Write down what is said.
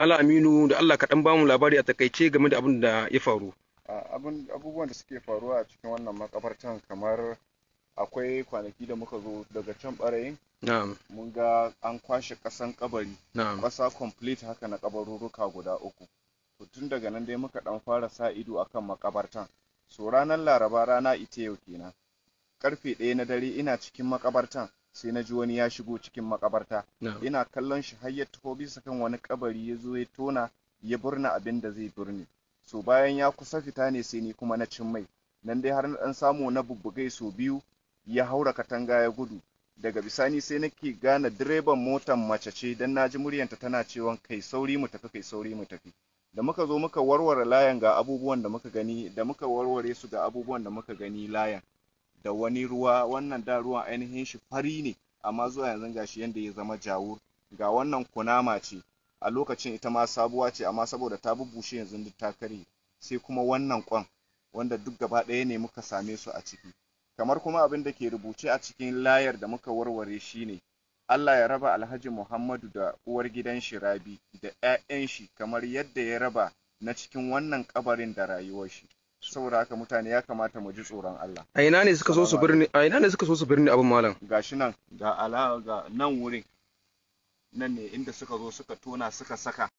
Allah Aminu da Allah kaɗan bamu labari a takaice game da abin da ya faru. Abubuwan da suke faruwa a cikin wannan makabartan kamar akwai kwanaki da muka zo daga can ɓarayin. Mun ga an kwashe ƙasan kabari. Ƙasa complete haka na kabaruruka guda uku. To tun daga nan dai muka ɗan fara sa ido akan makabartan. So ranar Laraba rana ita yau kenan. Karfe ɗaya na dare ina cikin makabartan. sai na ji wani ya shigo cikin makabarta ina kallon shi har ya taho bisa kan wani kabari ya zo ya tona ya burna abin da zai burni so bayan ya kusa fita ne sai ni kuma na cin mai nan dai har na dan samu na bubbugai so biyu ya haura katanga ya gudu daga bisani sai nake gane direban motan mace ce dan naji muryanta tana cewa kai sauri mu tafi kai sauri mu tafi da muka zo muka warware layan ga abubuwan da muka gani da muka warware su ga abubuwan da muka gani layan da wani ruwa wannan da ruwan ainihin shi fari ne amma zuwa yanzu ga gashi yanda ya zama jawur ga wannan kunama ce a lokacin ita ma sabuwa ce amma saboda ta bubbushe yanzu duk ta karye sai kuma wannan kwan wanda duk gaba ɗaya ne muka same su a ciki kamar kuma abin da ke rubuce a cikin layar da muka warware shine Allah ya raba Alhaji Muhammadu da uwar gidan shi Rabi da 'ya'yan shi kamar yadda ya raba na cikin wannan kabarin da rayuwar shi saboda haka mutane ya kamata mu ji tsoron Allah a ina ne suka so su birni a ina ne suka so su birni abin malam gashi nan ga ala ga nan wurin nan ne inda suka zo suka tona suka saka